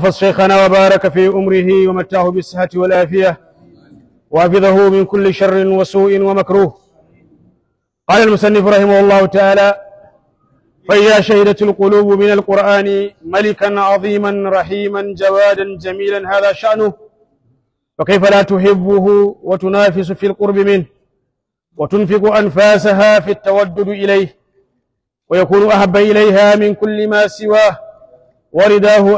احفظ شيخنا وبارك في أمره ومتعه بالصحة والعافية وحفظه من كل شر وسوء ومكروه قال المسنف رحمه الله تعالى فيا شهدت القلوب من القرآن ملكا عظيما رحيما جوادا جميلا هذا شأنه فكيف لا تحبه وتنافس في القرب منه وتنفق أنفاسها في التودد إليه ويكون أحب إليها من كل ما سواه ورداه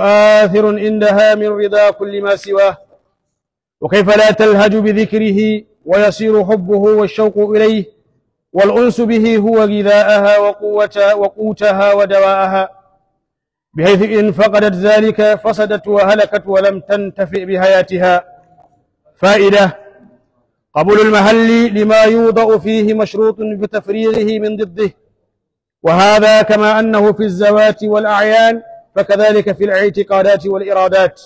آثر عندها من رضا كل ما سواه وكيف لا تلهج بذكره ويصير حبه والشوق إليه والأنس به هو غذاءها وقوتها, وقوتها ودواءها بحيث إن فقدت ذلك فسدت وهلكت ولم تنتفئ بحياتها فائدة قبول المهل لما يوضع فيه مشروط بتفريغه من ضده وهذا كما أنه في الزوات والأعيان فكذلك في الاعتقادات والإرادات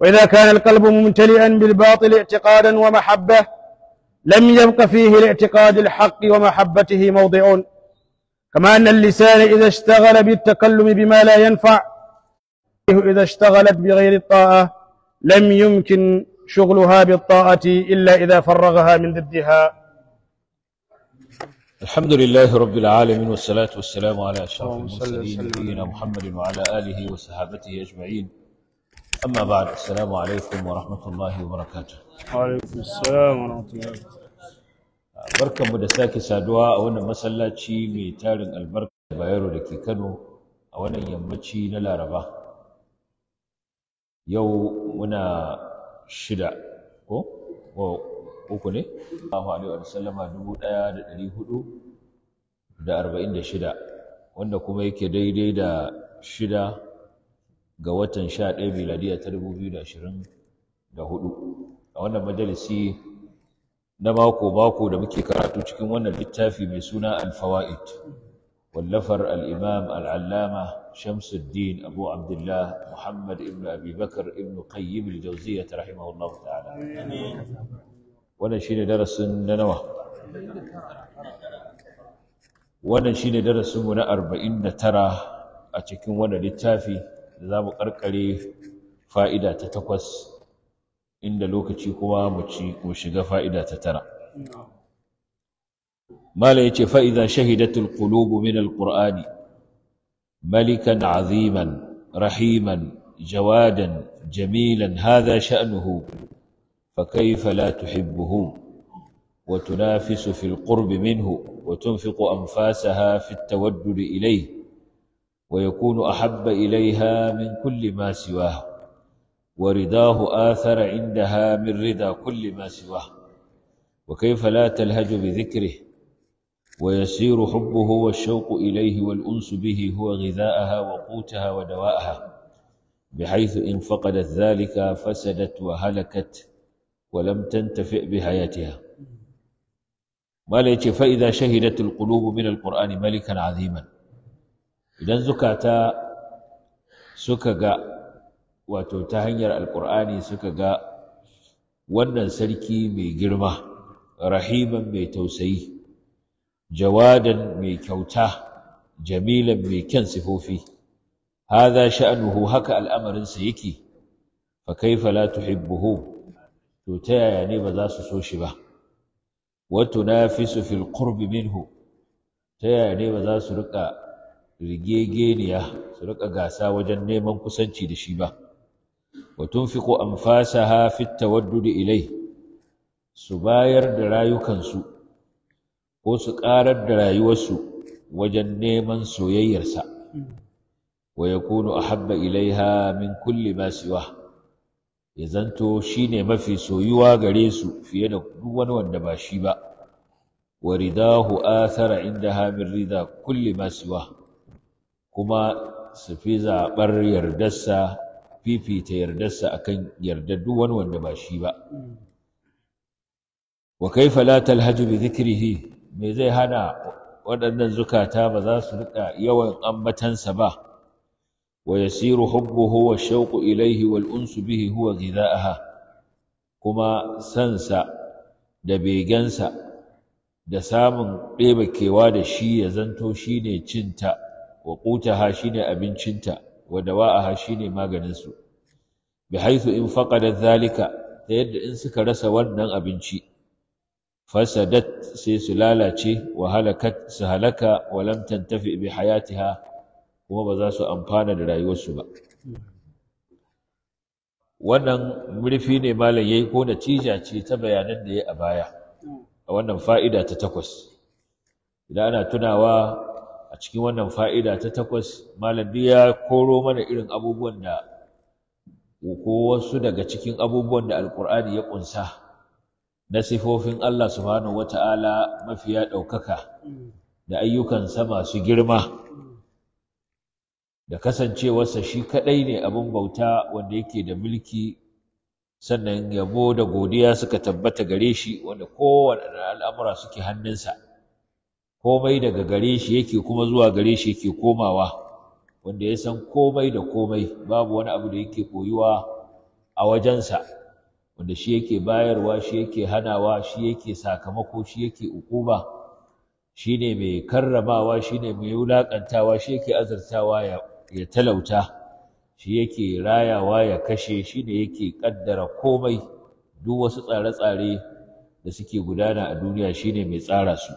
وإذا كان القلب ممتلئا بالباطل اعتقادا ومحبة لم يبق فيه لاعتقاد الحق ومحبته موضع كما أن اللسان إذا اشتغل بالتكلم بما لا ينفع إذا اشتغلت بغير الطاعة لم يمكن شغلها بالطاعة إلا إذا فرغها من ضدها الحمد لله رب العالمين والصلاة والسلام على أشرف المرسلين نبينا محمد وعلى آله وصحابته أجمعين أما بعد السلام عليكم ورحمة الله وبركاته وعليكم السلام ورحمة الله barkan mu da sake saduwa a wannan masallaci mai tarin albarka bayero da ke kano a wannan yammaci na laraba yau muna shida ko uku ne Allahu alaihi wa sallama dubu ɗaya da ɗari hudu da arba'in da shida wanda kuma yake daidai da shida ga watan sha ɗaya miladiya ta dubu biyu da ashirin da hudu a wannan majalisi na mako mako da muke karatu cikin wannan littafi mai suna alfawa'id wallafar al'imam al'allama shamsuddin abu abdullah muhammad ibn abi bakar ibn qayyim al-jawziyyah rahimahullahu ta'ala wannan shine darasin na nawa wannan shine darasin mu na 49 a cikin wannan littafi da zamu karkare fa'ida ta takwas inda lokaci kuma mu ci mu shiga fa'ida ta tara mala yace fa idza shahidatul qulubu min malikan aziman rahiman jawadan jamilan hadha sha'nuhu فكيف لا تحبه وتنافس في القرب منه وتنفق أنفاسها في التودد إليه ويكون أحب إليها من كل ما سواه ورداه آثر عندها من رضا كل ما سواه وكيف لا تلهج بذكره ويسير حبه والشوق إليه والأنس به هو غذاءها وقوتها ودواءها بحيث إن فقدت ذلك فسدت وهلكت ولم تنتفع بحياتها ما ليتي فإذا شهدت القلوب من القرآن ملكا عظيما إذا زكاتا hanyar Alƙur'ani القرآن ga wannan sarki mai girma rahima mai tausayi jawadan mai kyauta jamilan mai kyan sifofi hadha sha'nuhu haka al'amarinsa yake fa tuhibbuhu to ta yaya ne ba za su so shi ba wa tunafisu fil qurbi minhu ta yaya ne ba za su rika rigegeniya su rika gasa wajen neman kusanci da shi ba wa tunfiqu anfasaha fit tawaddud ilai su bayar da rayukansu ko su karar da rayuwarsu wajen neman soyayyarsa wa yakunu ahabba ilaiha min kulli ma siwa ya zanto shi ne mafi soyuwa gare su fiye da duk wani wanda ba shi ba wa ridahu athara inda hamir rida kulli masuwa kuma su fi zaɓar yardarsa fifita yardarsa akan yarda duk wani wanda ba shi ba wa kaifa la talhaju bi dhikrihi me zai hana waɗannan zukata ba za su riƙa yawan ambatansa ba Wa ويسير حبه والشوق ilaihi والأنس به هو غذاءها كما سنسا دبيجنسا da samun ɗeba kewa da shi ya zanto shi ne cinta wa ƙutaha shi ne abincinta wa dawa'aha shi ne maganinsu bi haithu in da zalika ta yadda in suka rasa wannan abinci fasadat sai su lalace wa halakat su halaka wa lam tantafi bi hayatiha kuma ba za su amfana da rayuwarsu ba wannan murfi ne malam ya yi ko cija ce ta bayanan da ya a baya a wannan fa'ida ta takwas idan ana tunawa a cikin wannan fa'ida ta takwas malam ya koro mana irin abubuwan da ko wasu daga cikin abubuwan da alkur'ani ya ƙunsa na sifofin Allah subhanahu wata'ala mafiya ɗaukaka da ayyukan ayyukansa masu girma da kasancewarsa shi kaɗai ne abin bauta wanda yake da mulki sannan yabo da godiya suka tabbata gare shi wanda kowane al'amura suke hannunsa komai daga gare shi yake kuma zuwa gare shi yake komawa wanda ya san komai da komai babu wani abu da yake koyuwa a wajensa wanda shi yake bayarwa shi yake hanawa shi yake sakamako shi yake ukuba shi ne mai karramawa shi ne mai wulaƙantawa shi yake azurtawa ya ya talauta shi yake rayawa ya kashe shi ne yake kaddara komai duk wasu tsare-tsare da suke gudana a duniya shi ne mai tsara su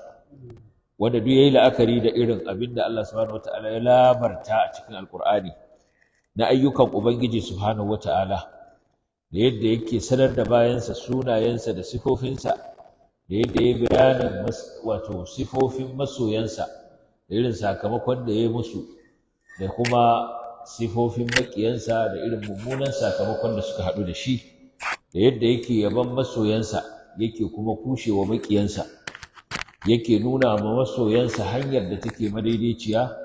wanda duk yi la'akari da irin abin da Allah subhanahu wataala ya labarta a cikin alkur'ani na ayyukan ubangiji subhanahu wataala da yadda yake sanar da bayansa sunayensa da sifofinsa da yadda ya bayanin wato sifofin masoyansa da irin sakamakon da ya yi musu da kuma sifofin maƙiyansa da irin mummunan sakamakon da suka haɗu da shi da yadda yake yaban masoyansa yake kuma kushewa makiyansa yake nuna ma masoyansa hanyar da take madaidaiciya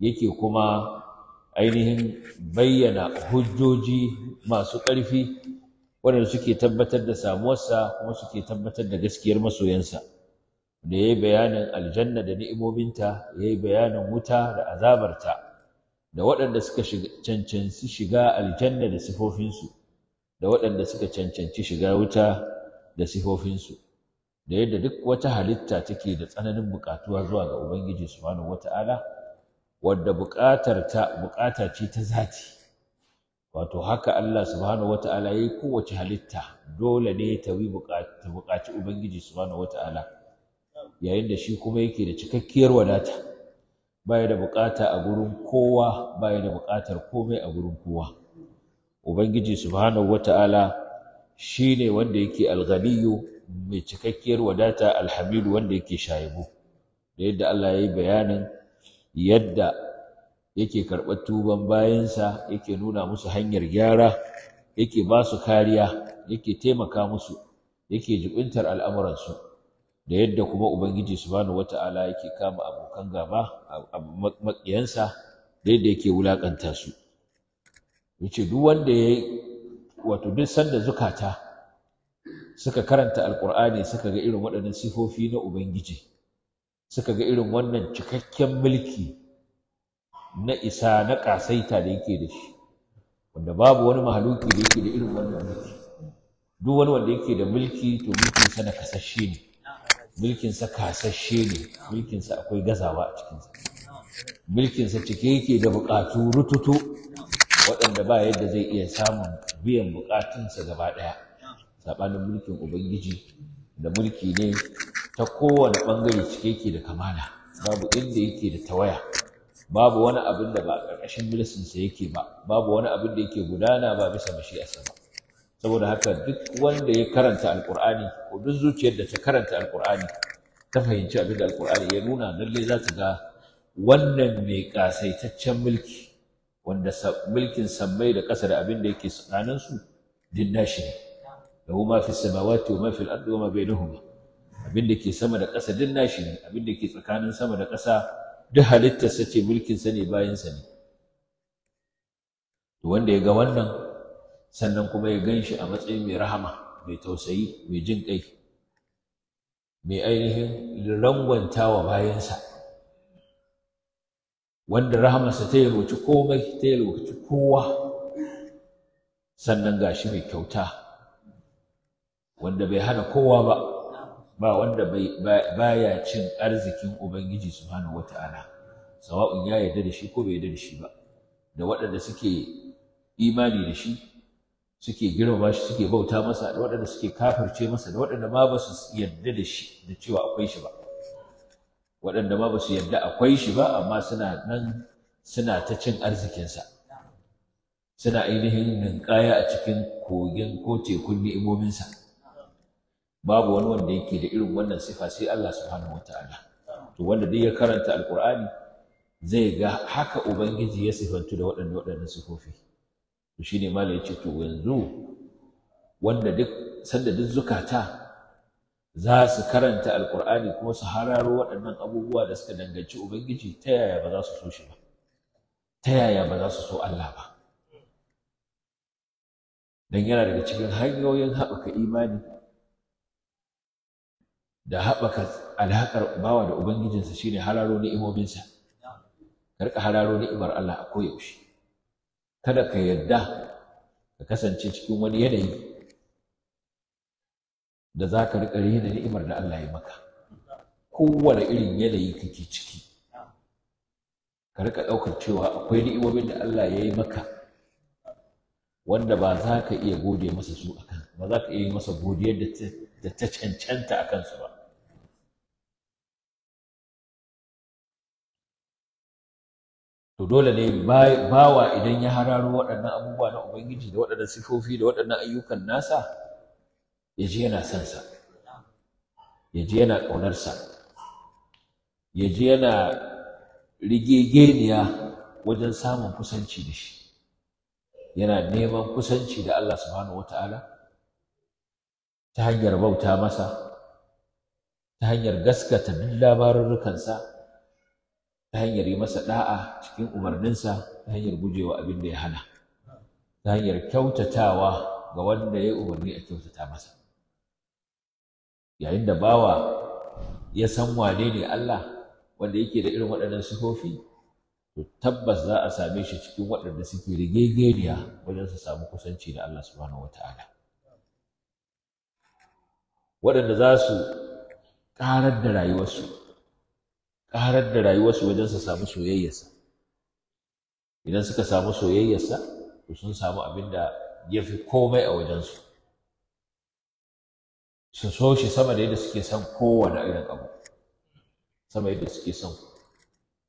yake kuma ainihin bayyana hujjoji masu ƙarfi waɗanda suke tabbatar da samuwarsa kuma suke tabbatar da gaskiyar masoyansa da ya yi bayanin aljanna da ni'imominta ya yi bayanin wuta da azabarta da waɗanda suka cancanci shiga aljanna da sifofinsu da waɗanda suka cancanci shiga wuta da sifofinsu da yadda duk wata halitta take da tsananin buƙatuwa zuwa ga ubangiji subhanahu wata'ala wadda buƙatar ta buƙata ce ta zati wato haka Allah subhanahu wata'ala yayi kowace halitta dole ne ta wi buƙaci ubangiji subhanahu wata'ala yayin da shi kuma yake da cikakkiyar wadata baya da bukata a gurin kowa baya da bukatar komai a gurin kowa ubangiji subhanahu wata'ala shine wanda yake alghaliyu mai cikakkiyar wadata alhamidu wanda yake shayibu da yadda Allah ya yi bayanin yadda yake karɓar tuban bayansa yake nuna musu hanyar gyara yake ba su kariya yake taimaka musu yake jubintar al'amuransu da yadda kuma ubangiji subhanahu wata'ala yake kama abokan gaba maƙiyansa da yadda yake wulaƙanta su yace duk wanda yayi wato duk sanda zukata suka karanta alqur'ani suka ga irin waɗannan sifofi na ubangiji suka ga irin wannan cikakken mulki na isa na ƙasaita da yake da shi wanda babu wani mahaluki da yake da irin wannan mulki duk wani wanda yake da mulki to mulkin sana kasashe ne mulkinsa kasashe ne mulkinsa akwai gazawa a cikinsa mulkinsa cike yake da bukatu rututu waɗanda ba yadda zai iya samun biyan bukatunsa gaba ɗaya Sabanin mulkin ubangiji da mulki ne ta kowane bangare cike yake da kamala babu inda yake da tawaya babu wani abin da ba ƙarƙashin milisinsa yake ba babu wani abin da yake gudana ba bisa mashi a sama saboda haka duk wanda ya karanta alkur'ani ko duk zuciyar da ta karanta alkur'ani ta fahimci abin da alkur'ani ya nuna lalle za ta ga wannan mai kasaitaccen mulki wanda mulkin sammai da ƙasa da abin da yake tsakanin su din nashi ne Da ma fi samawati wa mafi al'adu wa ma abin da ke sama da ƙasa din nashi ne abin da ke tsakanin sama da ƙasa duk halittarsa ce mulkin ne bayansa ne wanda ya ga wannan sannan kuma ya gan shi a matsayin mai rahama mai tausayi mai jin ƙai mai ainihin rangwanta wa bayansa wanda rahamarsa ta yalwaci komai ta yalwaci kowa sannan ga shi mai kyauta wanda bai hana kowa ba ba wanda baya cin arzikin ubangiji subhanahu wata'ala sawa'un ya yarda da shi ko bai yarda da shi ba da waɗanda suke imani da shi suke girmama shi suke bauta masa da waɗanda suke kafirce masa da waɗanda ma ba su yarda da shi da cewa akwai shi ba waɗanda ma ba su yarda akwai shi ba amma suna nan suna ta cin arzikinsa suna ainihin ninkaya a cikin kogin ko tekun ni'imominsa babu wani wanda yake da irin wannan sifa sai Allah subhanahu wataala to wanda dai ya karanta alqur'ani zai ga haka ubangiji ya sifantu da waɗannan waɗannan sifofi to shine malai yace to yanzu wanda duk sanda duk zukata za su karanta alkur'ani ko su hararo waɗannan abubuwa da suka danganci ubangiji ta yaya ba za su so shi ba ta yaya ba za su so Allah ba dan yana daga cikin hanyoyin haɓaka imani da haɓaka alhaƙar bawa da ubangijinsa shine hararo ni'imominsa ka hararo ni'imar Allah a koyaushe kada ka yadda ka kasance cikin wani yanayi da za ka riƙa rena ni'imar da Allah ya maka kowane irin yanayi kake ciki ka riƙa ɗaukar cewa akwai ni'imomin da Allah ya yi maka wanda ba za ka iya gode masa su a akan ba za ka iya yi masa godiyar da ta cancanta a kansu ba to dole ne bawa idan ya hararo waɗannan abubuwa na ubangiji da waɗannan sifofi da waɗannan ayyukan nasa ya ji yana son sa ya ji yana ƙaunar sa ya ji yana rigegeniya wajen samun kusanci da shi yana neman kusanci da Allah subhanahu wa Ta'ala ta hanyar bauta masa ta hanyar gaskata duk labarurrukansa ta hanyar yi masa da'a cikin umarninsa ta hanyar gujewa abin da ya hana ta hanyar kyautatawa ga wanda ya yi umarni a kyautata masa yayin da bawa ya san wane ne Allah wanda yake da irin waɗannan sifofi to tabbas za a same shi cikin waɗanda suke rigegeniya wajen su samu kusanci da Allah subhanahu wataala waɗanda za su ƙarar da rayuwarsu ƙarar da rayuwarsu wajen su samu soyayyarsa idan suka samu soyayyarsa to sun samu abin da ya fi komai a wajensu su so shi sama da yadda suke son kowane irin abu sama yadda suke son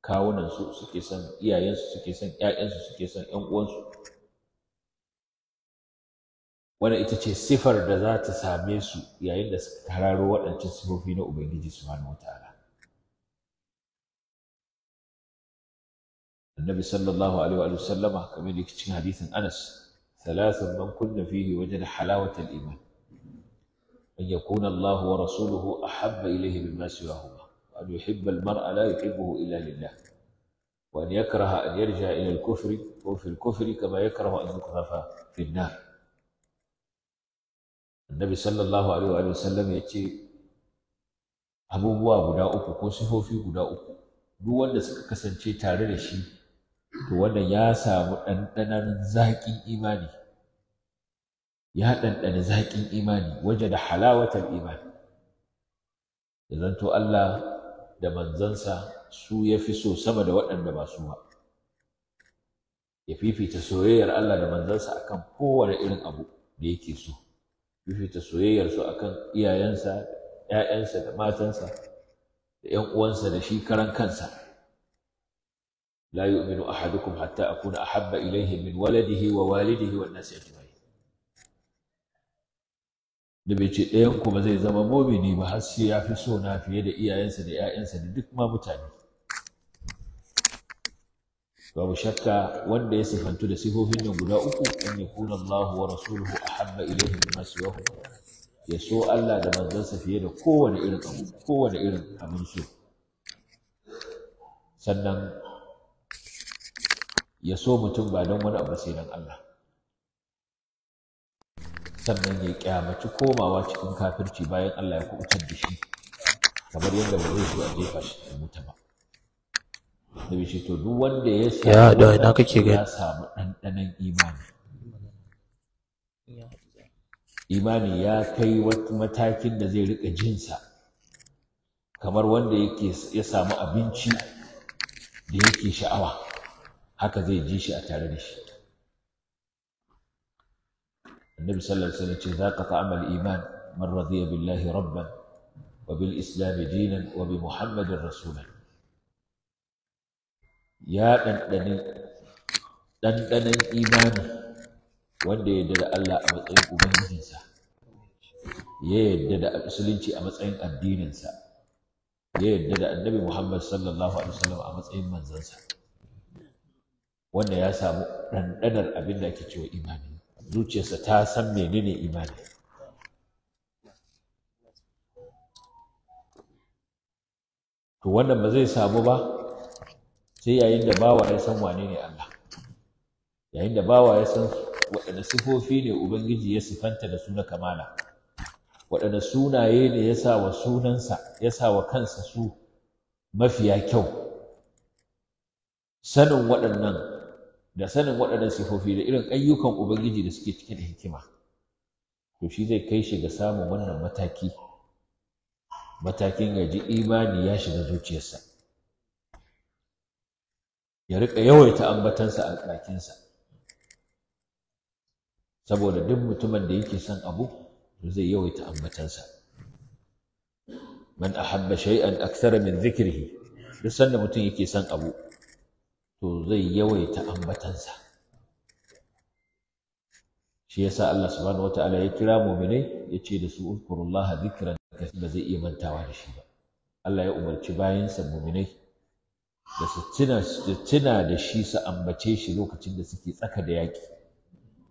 kawunansu suke son iyayensu suke son ƴaƴansu suke son ƴan uwansu wannan ita ce sifar da za ta same su yayin da suka kararo waɗancan sifofi na ubangiji subhanahu ta'ala النبي صلى الله عليه وآله وسلم كما يكتشن حديث أنس ثلاث من كن فيه وجد حلاوة الإيمان أن يكون الله ورسوله أحب إليه مما سواهما وأن يحب المرء لا يحبه إلا لله وأن يكره أن يرجع إلى الكفر وفي الكفر كما يكره أن يقذف في النار النبي صلى الله عليه وآله وسلم يأتي أبو بوا غدا أكو كوسفو في غدا أكو duk wanda suka kasance tare da shi to wanda ya samu ɗanɗanar zaƙin imani ya ɗanɗana zaƙin imani waje da halawatar imani da zanto Allah da manzansa su ya fi so sama da waɗanda ba su ba ya fifita soyayyar Allah da manzansa akan kowane irin abu da yake so fifita soyayyar su akan iyayensa ‘ya'yansa da matansa da ‘yan uwansa da shi karan kansa la yu'minu ahadukum hatta akuna ahabba ilayhi min waladihi hiwa, walidihi wan nasi ajma'in da bai ce ɗayan kuma zai zama mumini ba har sai ya fi so na fiye da iyayensa da 'ya'yansa da duk ma mutane babu shakka wanda ya sifantu da sifofin nan guda uku an yakuna Allah wa rasuluhu ahabba ilayhi mimma siwahu ya so Allah da manzansa fiye da irin abu kowane irin abin so sannan ya so mutum ba don wani abu sai don Allah sannan ya kyamaci komawa cikin kafirci bayan Allah ya kubutar da shi kamar yadda ba zai so a jefa shi da mutu ba da shi to duk wanda ya samu ya ina kake ga imani imani ya kai matakin da zai rika jinsa kamar wanda ya samu abinci da yake sha'awa haka zai ji shi a tare da shi النبي صلى za عليه وسلم ذاق طعم الإيمان من رضي بالله islami, وبالإسلام دينا وبمحمد رسولا Ya دندن دندن إيمان wanda ya yarda da Allah a matsayin ubangijinsa ya yarda da musulunci a matsayin addininsa ya yarda da annabi Muhammad sallallahu alaihi wasallam a matsayin manzansa wanda ya samu ɗanɗanar abin da ake cewa imani zuciyarsa ta san menene imani to wannan ba zai samu ba sai yayin da bawa ya san wane ne Allah yayin da bawa ya san waɗanne sifofi ne ubangiji ya sifanta da su na kamala waɗanne sunaye ne ya sa wa sunansa ya sa wa kansa su mafiya kyau sanin waɗannan da sanin waɗannan sifofi da irin ayyukan ubangiji da suke cike da hikima to shi zai kai shi ga samun wannan mataki matakin ya ji imani ya shiga zuciyarsa ya riƙa yawaita ambatansa a bakinsa saboda duk mutumin da yake son abu to zai yawaita ambatansa man ahabba an aksara min dhikrihi duk sanda mutum yake son abu to zai yawaita ambatansa shi yasa Allah subhanahu wataala ya kira mu'minai ya ce da su uzkurullah zikran ba zai iya mantawa da shi ba Allah ya umarci bayansa mu'minai da su tuna da tuna da shi su ambace shi lokacin da suke tsaka da yaki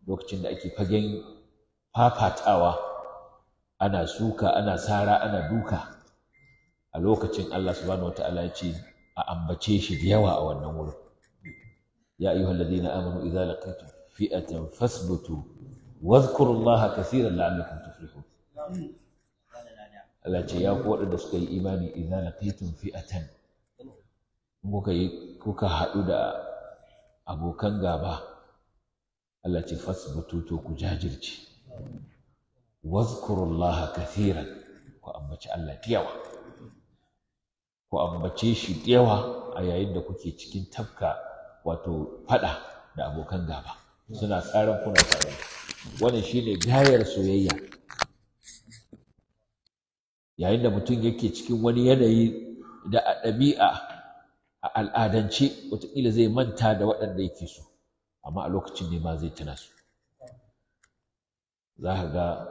lokacin da ake fagen fafatawa ana suka ana sara ana duka a lokacin Allah subhanahu wataala ya ce a ambace shi da yawa a wannan wurin يا أيها الذين آمنوا إذا لقيتم فئة فاثبتوا واذكروا الله كثيرا لعلكم تفلحون Allah ce ya ku da suka yi imani idan laqaytum fi'atan kuka yi kuka haɗu da abokan gaba Allah ce fasbutu to ku jajirce wazkurullaha kathiran ku ambaci Allah tiyawa ku ambace shi tiyawa a yayin da kuke cikin tafka wato faɗa da abokan gaba suna tsarin kuna wani wannan shine gayar soyayya yayin da mutum yake cikin wani yanayi da a ɗabi'a a al'adance wataƙila zai manta da waɗanda yake so amma a lokacin ne ma zai tuna su za ka ga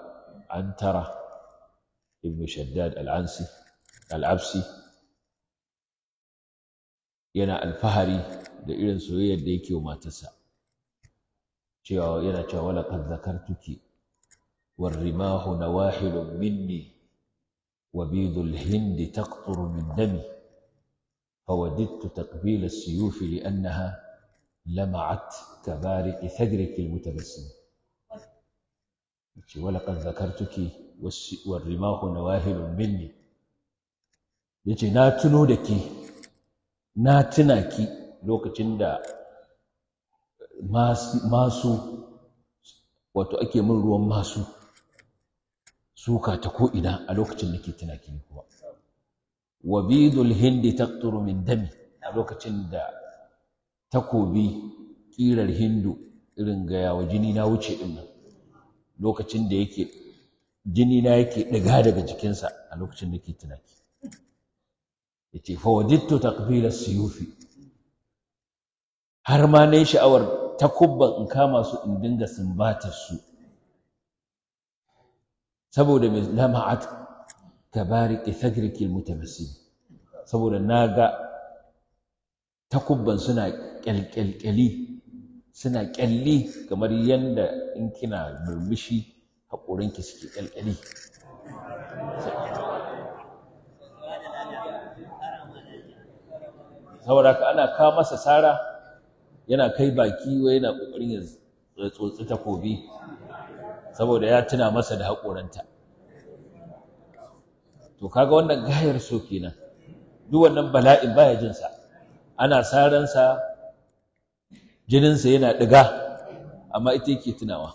an tara ibn shaddad al'absi yana alfahari da irin soyayyar da yake wa matarsa cewa yana cewa wala qad zakartuki war rimahu nawahilun minni wa bidul hindi taqturu min dami فوددت تقبيل السيوف لأنها لمعت كبارق ثغرك المتبسم ولقد ذكرتك والرماح نواهل مني يجي ناتنو دكي ناتناكي lokacin da masu wato ake min ruwan masu suka ta ko'ina a lokacin ke tana kini kuma bidul hindi taqturu min dami a lokacin da takobi kirar hindu irin gaya wa jini na wuce din nan lokacin da yake jini na yake ɗiga daga jikinsa a lokacin da ke tunaki ya ce wajidtu takbilar siyufi har ma na yi sha'awar takubban in kama su in dinga sumbatar su saboda mai lama'at ke ithadrikil mutabasi saboda na ga takubban suna kyalkyali, suna kyalli kamar yadda in kina murmushi haƙorinki suke kyalkyali saboda ka ana ka masa sara yana kai baki wai yana kokarin ya tsotsi takobi saboda ya tuna masa da haƙoranta to kaga wannan gayar so kenan duk wannan bala'in baya jin sa ana saran sa jinin sa yana diga amma ita yake tunawa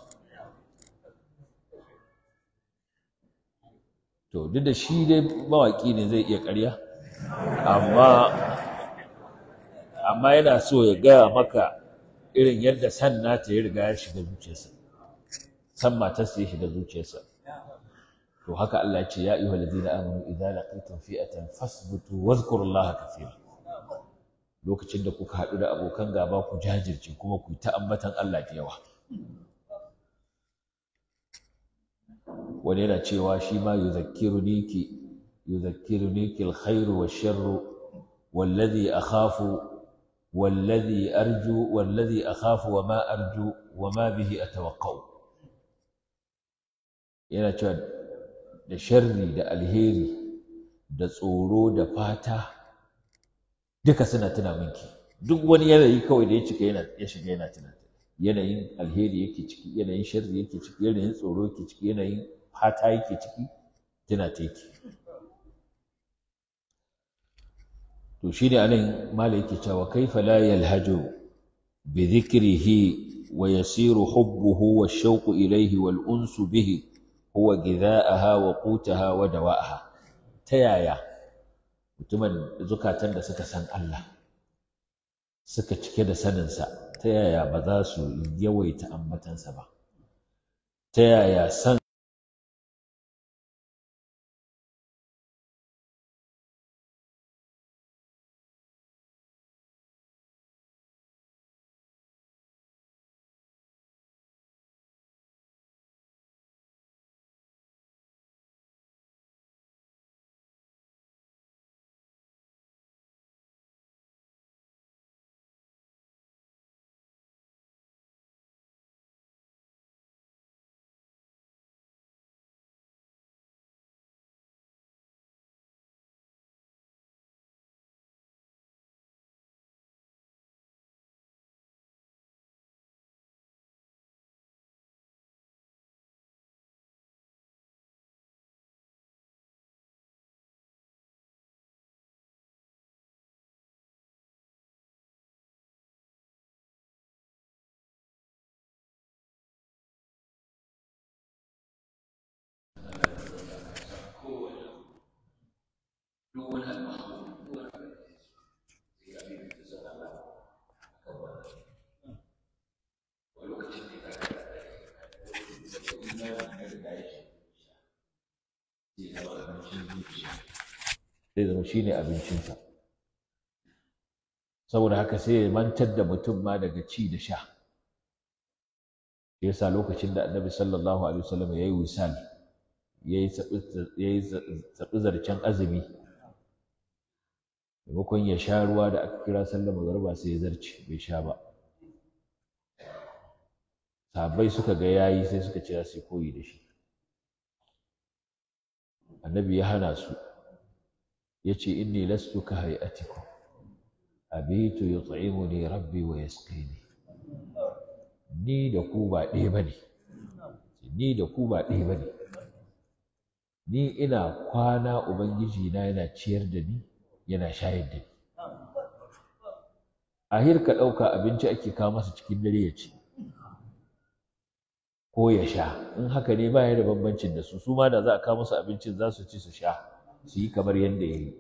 to duk da shi dai mawaki ne zai iya ƙarya amma amma yana so ya gaya maka irin yadda san nata ya riga ya shiga zuciyarsa san matarsa ya shiga zuciyarsa to haka Allah ya ce ya ayyuhal ladina amanu idza laqitum fi'atan fasbutu wadhkurullaha kathira lokacin da kuka haɗu da abokan gaba ku jajirce kuma ku ta ambatan Allah da yawa wani yana cewa shi ma yuzakkiruni ki yuzakkiruni alkhairu wash والذي أخاف wallazi arju wallazi akhafu wa ma arju wa ma bihi atawaqqa'u yana cewa da sharri da alheri da tsoro da fata duka suna tuna minki duk wani yanayi kawai da ya cika yana ya shiga yana tuna yanayin alheri yake ciki yanayin sharri yake ciki yanayin tsoro yake ciki yanayin fata yake ciki tuna ta yake to shi ne anan mala yake cewa kaifa la yalhaju bi dhikrihi wa yasiru hubbuhu wa shauqu ilayhi wal unsu bihi huwa gidha'aha wa qutaha wa dawa'aha ta yaya mutumin zukatan da suka san Allah suka cike da saninsa ta yaya ba za su yawaita ambatansa ba ta yaya san zai zama shine abincinsa saboda haka sai ya mantar da mutum ma daga ci da sha shi yasa lokacin da annabi sallallahu alaihi wasallam ya yi wisal ya yi tsabi zarcen azumi maimakon ya sha ruwa da aka kira Sallama Garba sai ya zarce bai sha ba sahabbai suka ga yayi sai suka cira sai koyi da shi annabi ya hana su yace inni lastu ka hay'atiku abitu yut'imuni rabbi wa yasqini ni da ku ba ɗaya bane ni da ku ba ɗaya bane ni ina kwana ubangiji na yana ciyar da ni yana shayar da ni ahir ka ɗauka abinci ake kawo masa cikin dare ya ci ko ya sha in haka ne ba ya da bambancin da su su ma da za a kawo musu abincin za su ci su sha su yi kamar yadda ya yi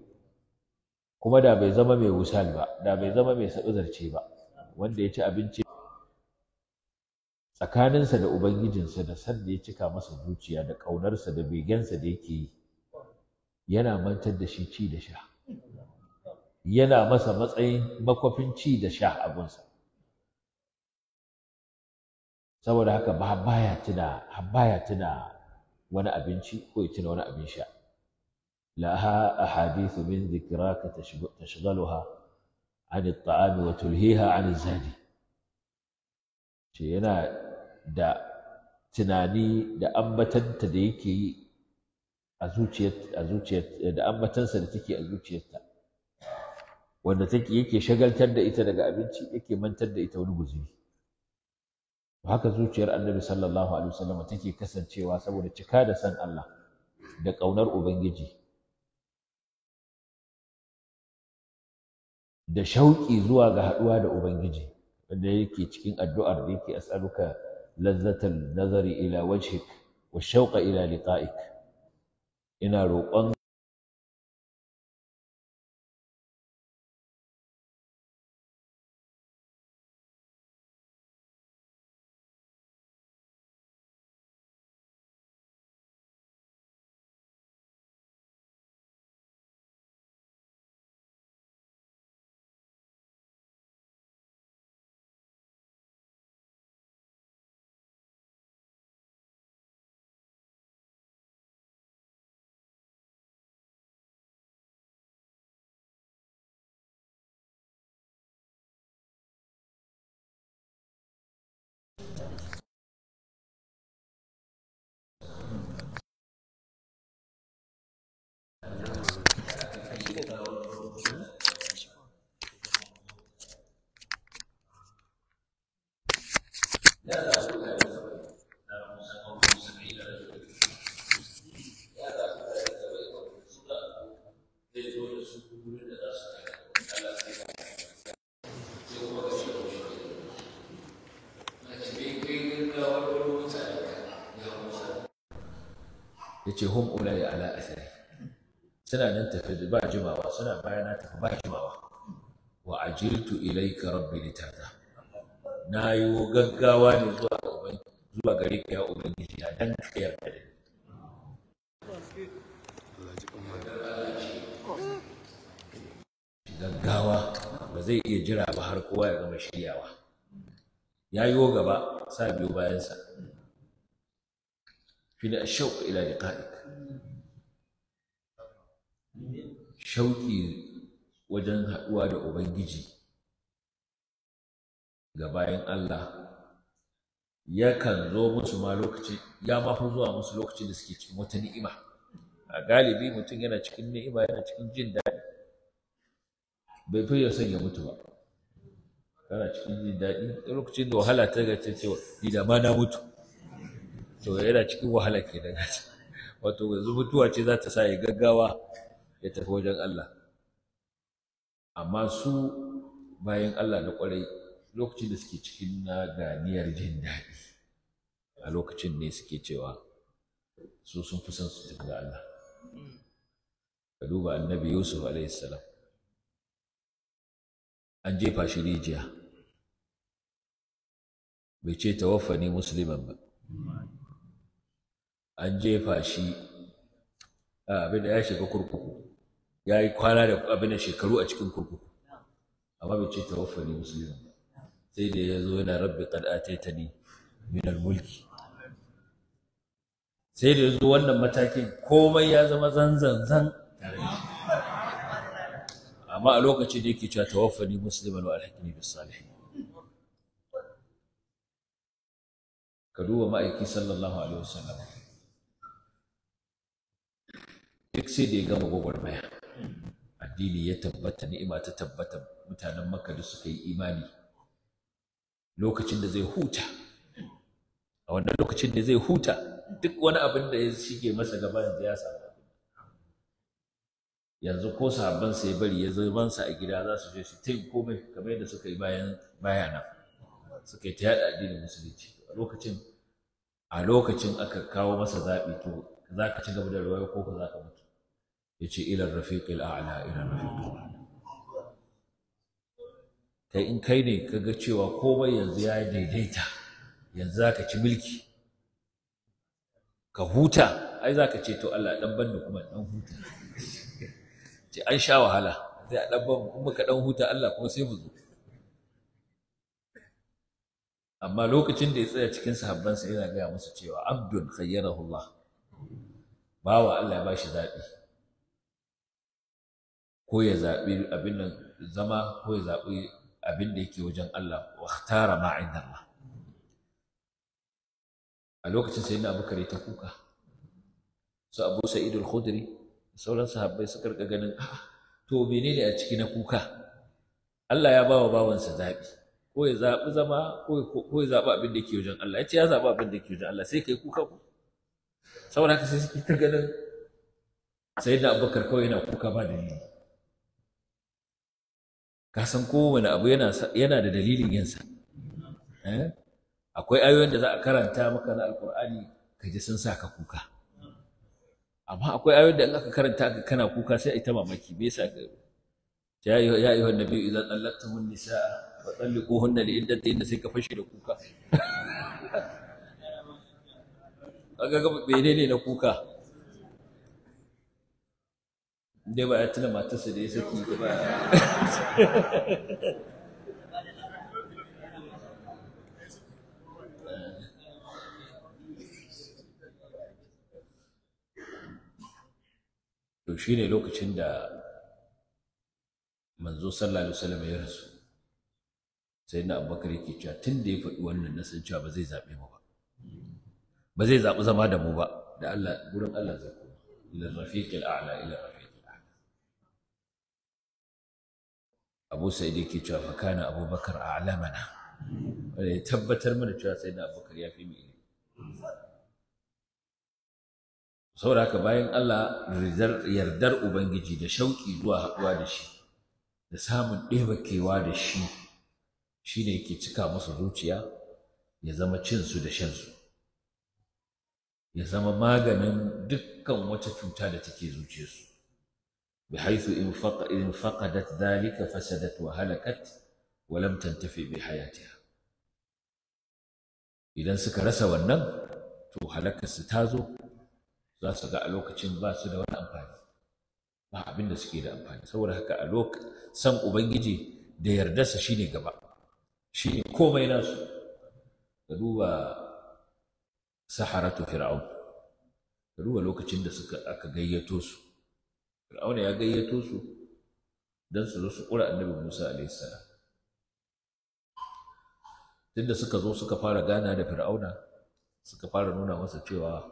kuma da bai zama mai wusal ba da bai zama mai saɓi zarce ba wanda ya ci abinci tsakaninsa da ubangijinsa da sanda ya cika masa zuciya da ƙaunarsa da begensa da yake yi yana mantar da shi ci da sha yana masa matsayin makwafin ci da sha abunsa saboda haka ba baya tuna wani abinci ko ya tuna wani abin sha لها أحاديث من ذكراك تشغلها عن الطعام وتلهيها عن الزهد شيء دا tunani da ambatanta da yake yi a zuciyarta da ambatansa da take a zuciyarta wanda yake shagaltar da ita daga abinci yake mantar da ita wani guzuri haka zuciyar annabi sallallahu alaihi wasallam take kasancewa saboda cika da san Allah da ƙaunar ubangiji da shauƙi zuwa ga haɗuwa da ubangiji wanda yake cikin addu'ar da yake as'aluka lazzatan nazari ila wajhik wa shauqa ila liqa'ik ina roƙon ce hum ulai ala athari suna nan tafi ba jimawa suna bayana tafi ba jimawa wa ajiltu ilayka rabbi litada na yi gaggawa ne zuwa ga zuwa gare ka ya ubangiji dan kayar yarda gaggawa ba zai iya jira ba har kowa ya gama shiryawa ya yi gaba sa biyu bayansa shine ashauq ila liqa'ik shauki wajen haɗuwa da ubangiji ga bayan Allah yakan zo musu ma lokaci ya ma fi zuwa musu lokacin da suke cikin wata ni'ima a galibi mutum yana cikin ni'ima yana cikin jin daɗi bai fi ya sanya mutu ba kana cikin jin daɗi lokacin da wahala ta gace cewa ni da ma na mutu to yana cikin wahala ke da wato yanzu mutuwa ce za ta sa ya gaggawa ya tafi wajen Allah amma su bayan Allah na kwarai lokacin da suke cikin na ganiyar jin daɗi a lokacin ne suke cewa su sun fi son su tafi da Allah ka duba annabi Yusuf alaihi an jefa shi rijiya bai ce tawaffani musliman ba an jefa shi abin da ya shiga kurkuku ya yi kwana da abin da shekaru a cikin kurkuku amma bai ce tawaffani musulmi sai da ya zo yana rabbi ta ne min al-mulki sai da ya zo wannan matakin komai ya zama zanzanzan tare da shi amma a lokacin da yake cewa tawaffani musulmi wa alhakimi bis salihin ka duba ma'aiki sallallahu alaihi wasallam duk sai da ya gama gwagwarmaya addini ya tabbata ni'ima ta tabbata mutanen makka da suka yi imani lokacin da zai huta a wannan lokacin da zai huta duk wani abin da ya shige masa gaba yanzu ya samu yanzu ko sabon sai bari ya sa a gida za su je su ta yi komai kamar yadda suka yi bayan bayana suka yi ta yada addinin musulunci a lokacin a lokacin aka kawo masa zaɓi to za ka ci gaba da ruwa ko ka za ka mutu yace ila rafiqil a'la ila rafiqil a'la kai in kai ne kaga cewa komai yanzu ya daidaita yanzu zaka ci mulki ka huta ai zaka ce to Allah dan banda kuma dan huta ce an sha wahala sai a dan ban in muka dan huta Allah kuma sai mu zo amma lokacin da ya tsaya cikin sahabbansa yana gaya musu cewa abdun khayyarahu Allah bawa Allah ya bashi zaɓi ko ya zaɓi abin nan zama ko ya zaɓi abin da yake wajen Allah wa tara ma'in Allah a lokacin sai na abubakar ta kuka su abu sa'id al-khudri sauran sahabbai suka rika ganin ah, to menene a ciki na kuka Allah ya bawa bawansa zaɓi ko ya zaɓi zama ko ya zaɓi abin da yake wajen Allah ya ce ya zaɓi abin da yake wajen Allah sai kai kuka ku saboda haka sai suke ta ganin Sai na abubakar kawai yana kuka ba dalili ka san kowane abu yana da dalilin yinsa eh? akwai ayoyin da za a karanta maka na alkur'ani ka ji sun sa ka kuka amma akwai ayoyin da in aka karanta ka kana kuka sai a yi ta mamaki me yasa ka ya yi ya yi wa nabi idan tallaqtumun nisaa fa talliquhunna ta iddatihinna sai ka fashe da kuka kaga ga menene na kuka dai ba ya tuna matarsa da ya saki ba to shi ne lokacin da manzo sallallahu alaihi wasallam ya rasu sai na abubakar yake cewa tun da ya faɗi wannan na san cewa ba zai zaɓe mu ba ba zai zaɓi zama da mu ba da Allah gurin Allah zai koma ila rafiqil a'la ila abu sa'id yake cewa Fakana Abubakar a a'lamana wanda ya tabbatar mana cewa da abubakar ya fi mu ilimi saboda haka bayan Allah yardar ubangiji da shauki zuwa haɗuwa da shi da samun ɗebakewa da shi shi ne ke cika masa zuciya ya zama cinsu da shansu ya zama maganin dukkan wata cuta da take zuciyarsu بحيث إن فقدت ذلك فسدت وهلكت ولم تنتفع بحياتها idan suka rasa wannan to halakarsu ta zo za su ga a lokacin ba su da wani amfani ba abin da suke da amfani saboda haka a lokacin san ubangiji da shi shine gaba shine komai nasu ka duba fir'aun ka duba lokacin da suka aka gayyato su fir'auna ya gayyato su don su zo su ƙura annabi musa alaihi salam tunda suka zo suka fara gana da fir'auna suka fara nuna masa cewa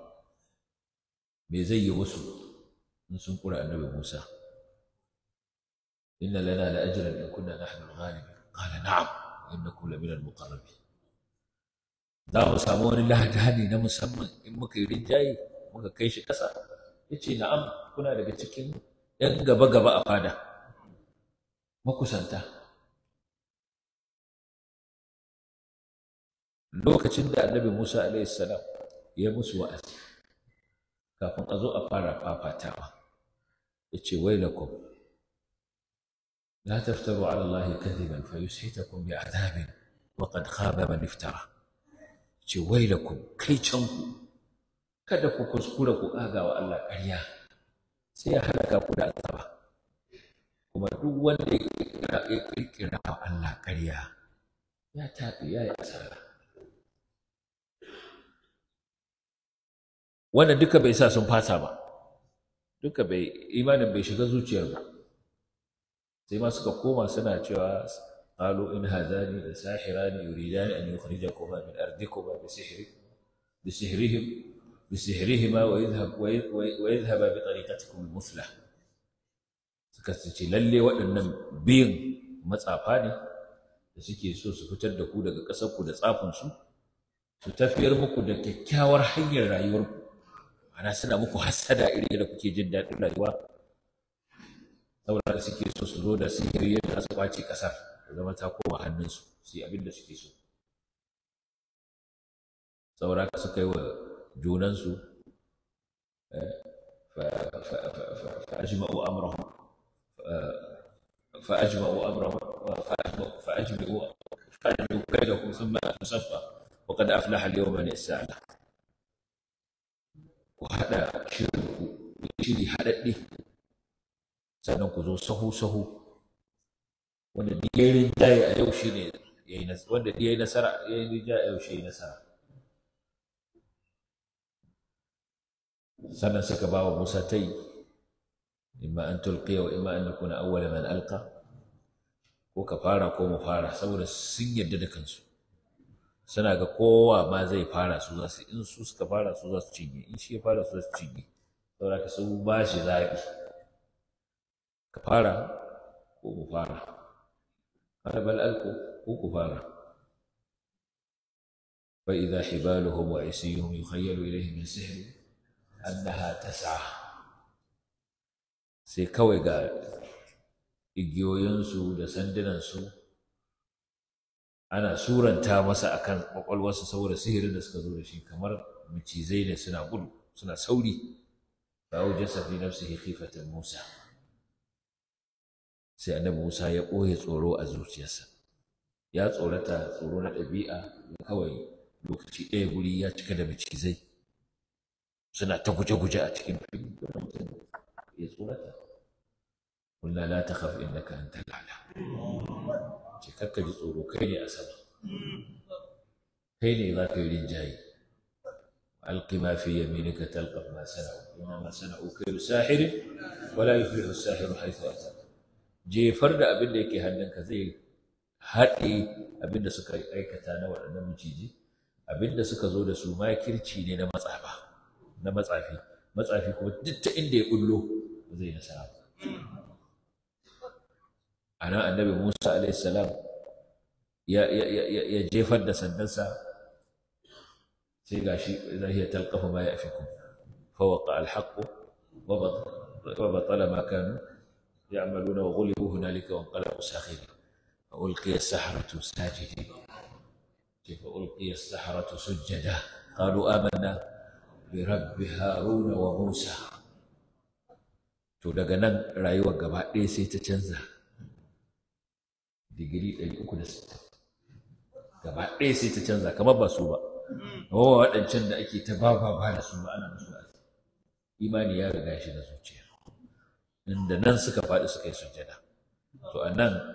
me zai yi wasu in sun ƙura annabi musa inna lana la ajran in kunna nahnu al-ghalibin qala na'am innakum la min al-muqarrabin za mu samu wani lahadani na musamman in muka yi rinjaye muka kai shi ƙasa ya ce na'am kuna daga cikin ‘yan gaba-gaba a fada makusanta lokacin da annabi musa salam ya musu wa'azi kafin a zo a fara fafatawa ya ce wailakum لا sai ta الله كذبا فيسحتكم wa وقد khaba من افترى ce wailakum kai canku kada ku kuskura ku ƙaga wa Allah ƙarya sai ya halaka ku da azaba kuma duk wanda ya ƙirƙira wa Allah ƙarya ya taɓi ya yi asara wannan duka bai sa sun fasa ba duka bai imanin bai shiga zuciyar ba sai ma suka koma suna cewa قالوا إن هذان لساحران يريدان أن يخرجكما من أرضكما بسحر بسحرهم بسحرهما ويذهب ويذهب بطريقتكم المثلى suka ce lalle waɗannan biyun matsafa ne da suke so su fitar da ku daga ƙasarku da tsafinsu su tafiyar muku da kyakkyawar hanyar rayuwarku ana suna muku hassada irin da kuke jin daɗin rayuwa saboda suke so su zo da sihiri yadda su kwace ƙasar da zama ta hannunsu su yi abin da suke so sauraka suka yi wa جوننسو آه، فأجمعوا أمرهم فأجمعوا أمرهم فأجمعوا فأجمعوا كيدهم ثم أتصفى وقد أفلح اليوم من استعلى وهذا شيء شيء حدث sannan ku zo sahu-sahu wanda ɗaya ya yi nasara ya yi nasara sannan suka ba wa Musa ta yi imma an tulqiya wa imma an nakuna awwala man alqa ko ka fara ko mu fara saboda sun yarda da kansu suna ga kowa ma zai fara su za su in su suka fara su za su cinye in shi ya fara su za su cinye saboda ka sun ba shi zaɓi ka fara ko ku fara fara bal alqu ko ku fara فإذا حبالهم وعصيهم يخيل إليه من سحره annaha tas'a sai kawai ga igiyoyinsu da sandunansu ana suranta masa akan ƙwaƙwalwarsu saboda sihirin da suka zo da shi kamar macizai ne suna gudu suna sauri fa awjasa fi nafsihi khifatan Musa sai annabi Musa ya ɓoye tsoro a zuciyarsa ya tsorata tsoro na ɗabi'a kawai lokaci ɗaya guri ya cika da macizai suna ta guje-guje a cikin fili ya tsorata kulla la ta khaf innaka anta lala ce kakka ji tsoro kai ne a sama kai ne za ka yi rinjaye alqi ma fi yaminika talqaf ma sana'u inna ma sana'u kayru sahirin wala yuflihu as-sahiru haythu ata jefar da abin da yake hannunka zai haɗe abin da suka aikata na waɗannan miciji abin da suka zo da su makirci ne na matsaba na matsafi matsafi kuma duk ta inda ya kullo ba zai nasara ba a nan annabi musa alaihissalam ya jefar da sandansa sai ga shi idan hiya talqafa ma ya'fikun fa waqa al-haqqu wa batala ma kanu ya'maluna wa ghulibu hunalika wa anqalabu sakhirin fa ulqiya as-sahratu sajidin fa ulqiya as-sahratu sujada qalu amanna برب هارون وموسى to daga nan rayuwar gaba ɗaya sai ta canza digiri ɗari uku da sittin gaba ɗaya sai ta canza kamar ba su ba kamar waɗancan da ake ta baba ba da su ba ana musu imani ya riga shi da zuciya inda nan suka faɗi suka yi sujjada to a nan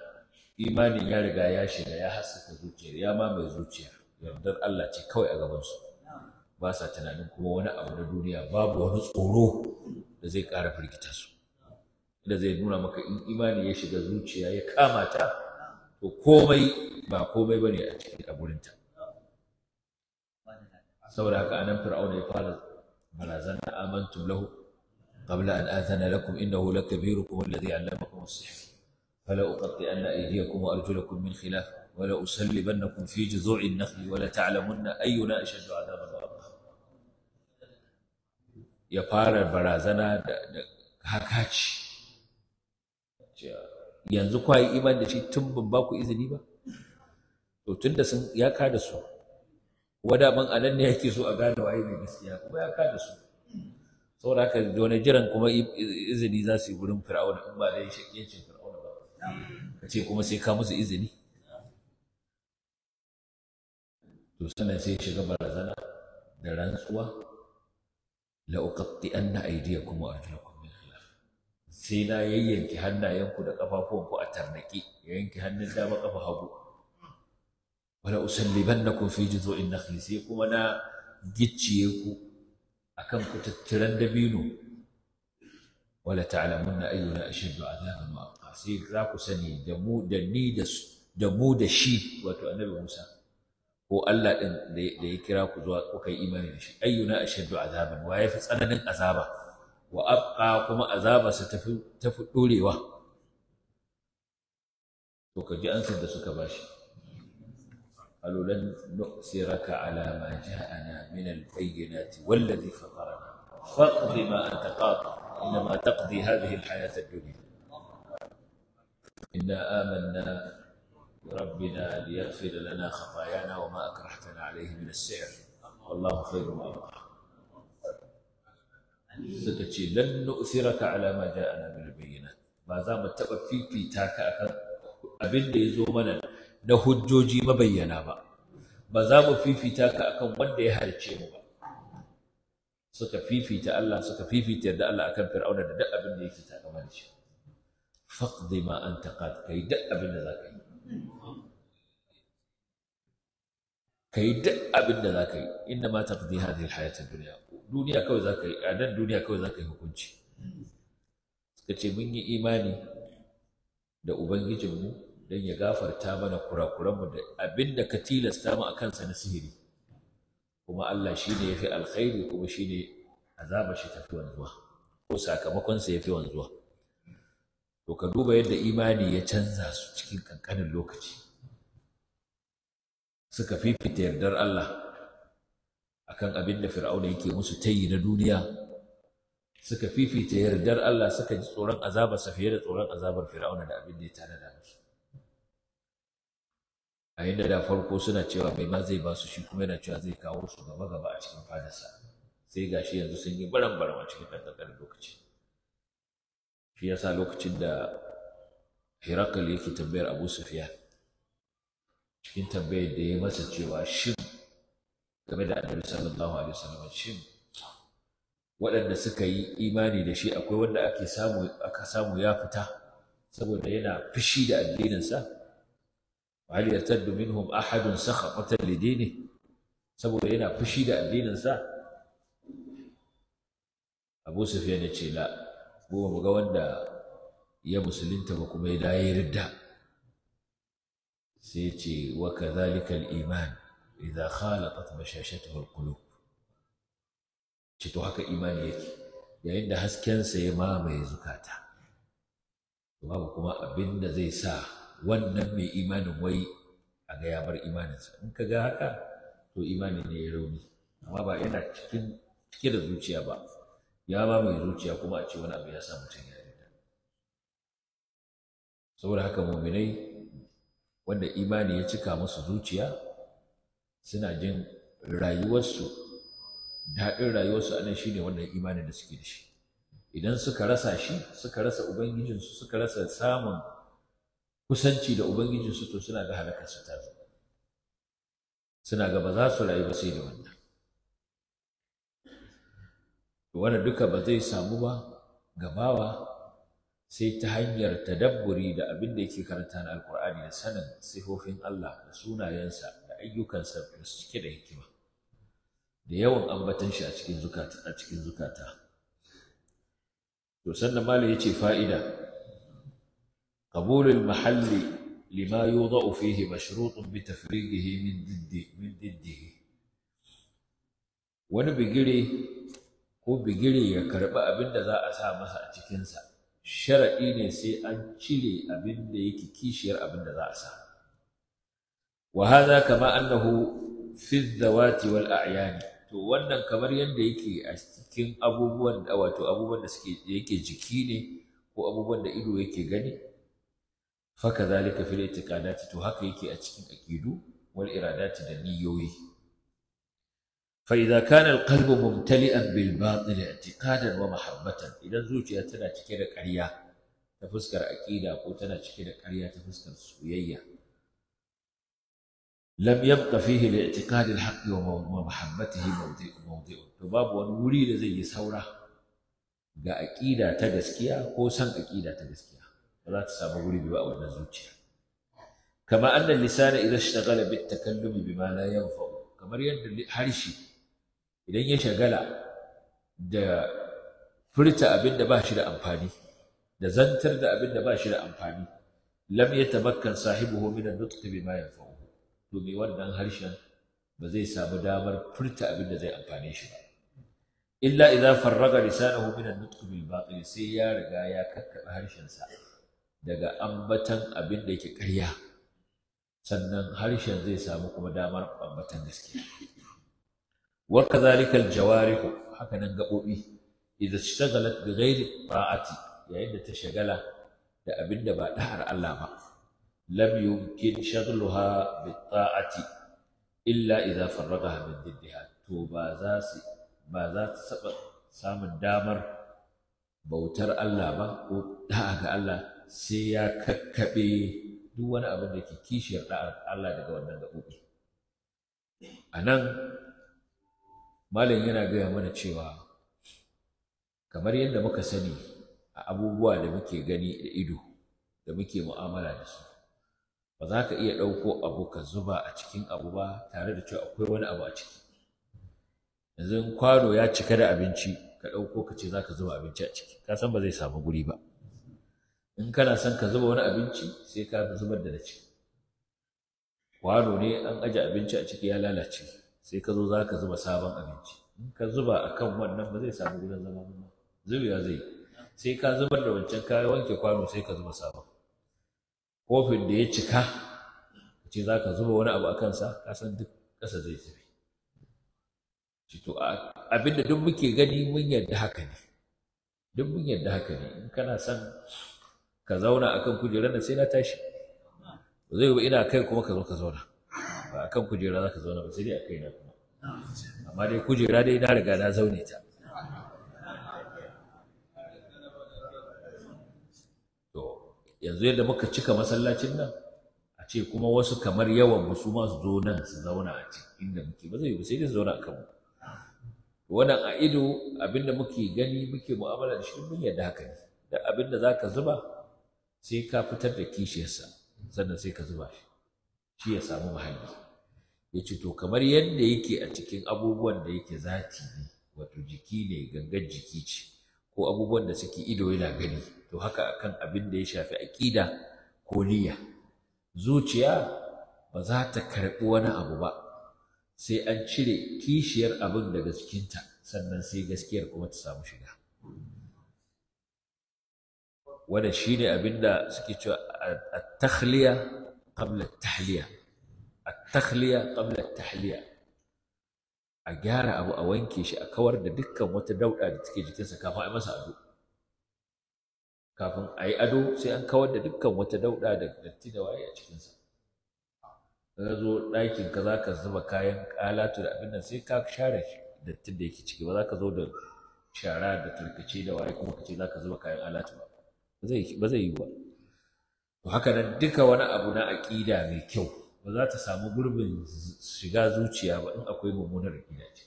imanin ya riga ya shiga ya haskaka zuciya ya mamaye zuciya yardar Allah ce kawai a gabansu ba sa tunanin kuma wani abu na duniya babu wani tsoro da zai ƙara firgita su da zai nuna maka in imani ya shiga zuciya ya kama ta to komai ba komai bane a cikin kaburinta saboda haka anan fir'auna ya fara barazana amantum lahu qabla an athana lakum innahu lakabirukum alladhi 'allamakum as-sihr fala uqatti'anna aydiyakum wa arjulakum min khilaf ولا أسلبنكم في جذوع النخل ولا تعلمن أينا أشد عذابا ya fara barazana da hakaci yanzu kwa yi iman da shi tun ban ba ku izini ba to tun da sun ya ka da su wada ban anan ne yake so a gane waye mai gaskiya kuma ya ka da su saboda haka da wani jiran kuma izini za su yi gurin fir'auna in ba da yancin fir'auna ba ka ce kuma sai ka musu izini to sannan sai shiga barazana da rantsuwa la'uqatti'anna aydiyakum wa arjulakum min khilaf sai na yayyanki hannayenku da kafafuwanku a tarnake, ya yanke hannun dama kafa hagu wala usallibannakum fi jidhu'in nakhli sai kuma na gicciye ku akan kutattiran dabino wala ta'lamunna ayyuna ashaddu 'adaban wa abqa sai za ku sani da mu da ni da mu da shi wato annabi Musa ko Allah din da ya kira ku zuwa ku kai imani da shi ayyuna ashaddu azaban wa yafi tsananin azaba wa abqa kuma azaba sa tafi tafi dorewa to kaji ansar da suka bashi قالوا لن نؤثرك على ما جاءنا من البينات والذي فطرنا فاقض ما inma taqdi hadhihi al هذه ad-dunya inna amanna ربنا ليغفر لنا خطايانا وما na عليه من السعر والله خير وأبقى suka ce lan nu'thiraka ala ma ja'ana bil bayyinat ba za mu taba fifita ka akan abin da yazo mana na hujjoji mabayyana ba ba za mu fifita ka akan wanda ya harce mu ba suka fifita Allah suka fifita da Allah akan Fir'auna da duk abin da yake takamar shi faqdi ma anta qad kai abin da zaka yi ka yi duk abin da za ka yi inda ma ta fi hadhihi alhayatid duniya kawai za ka yi a nan duniya kawai za ka yi hukunci suka ce mun yi imani da ubangijinmu don ya gafarta mana kurakuranmu da abin da ka tilasta mu a kansa na sihiri kuma Allah shi ne ya fi alkhairi kuma shi ne azaba shi tafi wanzuwa ko sakamakonsa ya fi wanzuwa to ka duba yadda imani ya canza su cikin kankanin lokaci suka fifita yardar Allah a kan abin da fir'auna yake musu ta yi na duniya suka fifita yardar Allah suka ji tsoron azabarsa fiye da tsoron azabar fir'auna da abin da ya da musu a yadda da farko suna cewa mai ma zai ba su shi kuma yana cewa zai kawo su gaba gaba a cikin fadarsa sai gashi yanzu sun yi baran baran a cikin ɗan lokaci shi yasa lokacin da hirakal yake tambayar abu sufiyan cikin tambayar da ya masa cewa shin game da annabi sallallahu alaihi wasallam shin waɗanda suka yi imani da shi akwai wanda ake samu aka samu ya fita saboda yana fushi da addininsa hal yartaddu minhum ahadun sakhatan lidini saboda yana fushi da addininsa Abu Sufyan ya ce la goma mu ga wanda ya musulunta ba kuma ya yi ridda sai ce wa ka zalikar iman idan khalatat bashashatuhu al-qulub ce to haka imani yake yayin da haskensa ya mamaye zukata babu kuma abin da zai sa wannan mai imanin wai a ga ya bar imaninsa in ka ga haka to imani ne ya rauni amma ba yana cikin cike da zuciya ba ya ba mai zuciya kuma a ce wani abu ya sa mutum ya yarda saboda haka muminai wanda imani ya cika musu zuciya suna jin rayuwarsu daɗin rayuwarsu anan shi ne wannan imanin da suke da shi idan suka rasa shi suka rasa ubangijinsu suka rasa samun kusanci da ubangijinsu to suna ga halakarsu ta zo suna ga ba za su rayu ba sai da wannan wanda duka ba zai samu ba gabawa sai ta hanyar tadabburi da abin da yake karanta na alkur'ani da sanin sifofin Allah da sunayensa da ayyukansa da su da hikima da yawan ambatan shi a cikin zukata a cikin zukata to sannan malam yace fa'ida al mahalli لما fihi فيه bi بتفريقه min diddi min diddi wani bigire ko bigire ya karɓi abin da za a sa masa a cikinsa sharaɗi ne sai an cire abin da yake kishiyar abin da za a sa wa hadha kama annahu fi zawati wal a'yani to wannan kamar yadda yake a cikin abubuwan da wato abubuwan da suke yake jiki ne ko abubuwan da ido yake gani faka zalika fil itiqadati to haka yake a cikin aqidu wal iradati da niyoyi فإذا كان القلب ممتلئا بالباطل اعتقادا ومحبة إذا زوجي تنا تكير كريا تفسكر أكيدا أو تنا تكير كريا تفسكر سويا لم يبق فيه لاعتقاد الحق ومحبته موضع موضع تباب ونوري لزي سورة ga aƙida ta gaskiya ko san aƙida ta gaskiya ba za ta samu wuri ba a wannan zuciya kama annan lisana idan shi tagala bit takallumi bima la yanfa kamar yadda harshe idan ya shagala da furta abin da ba shi da amfani da zantar da abin da ba shi da amfani lam yatamakkan sahibu min an-nutq bima to me wannan harshen ba zai samu damar furta abin da zai amfani shi ba illa idan farraga lisanahu min da nutq bil baƙi sai ya riga ya kakkaɓe harshensa daga ambatan abin da yake karya, sannan harshen zai samu kuma damar ambatan gaskiya wa kadhalika al-jawarih haka nan gabobi idza ishtaghalat bi ghairi yayin da ta shagala da abinda da ba da'ar Allah ba lam yumkin shaghluha bi ta'ati illa idza farragaha min diddiha to ba za su ba za su saba samun damar bautar Allah ba ko da'a ga Allah sai ya kakkaɓe duk wani abin da ke kishiyar da'ar Allah daga wannan gaɓoɓi a nan malam yana gaya mana cewa kamar yadda muka sani a abubuwa da muke gani da ido da muke mu'amala da su ba za ka iya ɗauko abu ka zuba a cikin abu ba tare da cewa akwai wani abu a ciki yanzu kwano ya cika da abinci ka ɗauko ka ce za ka zuba abinci a ciki ka san ba zai samu guri ba in kana son ka zuba wani abinci sai ka zubar da na ciki kwano ne an aje abinci a ciki ya lalace sai ka zo za ka zuba sabon abinci in ka zuba a kan wannan ba zai samu wurin zama ba zubewa zai sai ka zubar da wancan kayi wanke kwano sai ka zuba sabon kofin da ya cika ce za ka zuba wani abu a kansa ka san duk ƙasa zai zube to abinda duk muke gani mun yarda haka ne duk mun yarda haka ne in kana son ka zauna akan kujerar da sai na tashi zai ba ina kai kuma ka zo ka zauna ba akan kujera za ka zauna ba sai dai a kai na kuma amma dai kujera dai na riga na zaune ta to yanzu yadda muka cika masallacin nan a ce kuma wasu kamar yawan musu ma su zo nan su zauna a cikin inda muke ba zai yi ba sai dai su zauna a kanmu wannan a ido abinda muke gani muke mu'amala da shi mun yadda haka ne da abinda zaka zuba sai ka fitar da kishiyarsa sannan sai ka zuba shi shi ya samu muhalli ya ce to kamar yadda yake a cikin abubuwan da yake zati ne wato jiki ne gangan jiki ce ko abubuwan da suke ido yana gani to haka akan abin da ya shafi aƙida ko niyya zuciya ba za ta karɓi wani abu ba sai an cire kishiyar abin daga cikinta sannan sai gaskiyar kuma ta samu shiga wannan shine abin da suke cewa a takhliya qabla tahliya at a gyara abu a wanke shi a kawar da dukkan wata dauɗa da take jikinsa kafin a masa ado kafin a yi ado sai an kawar da dukkan wata dauɗa da datti da waye a cikinsa ka zo ɗakin ka za ka zuba kayan alatu da abin nan sai ka share dattin da yake ciki ba za ka zo da shara da tarkace da waye kuma ka ce za ka zuba kayan alatu ba ba zai yi ba to haka nan duka wani abu na aƙida mai kyau ba za ta samu gurbin shiga zuciya ba in akwai mummunar aƙida ce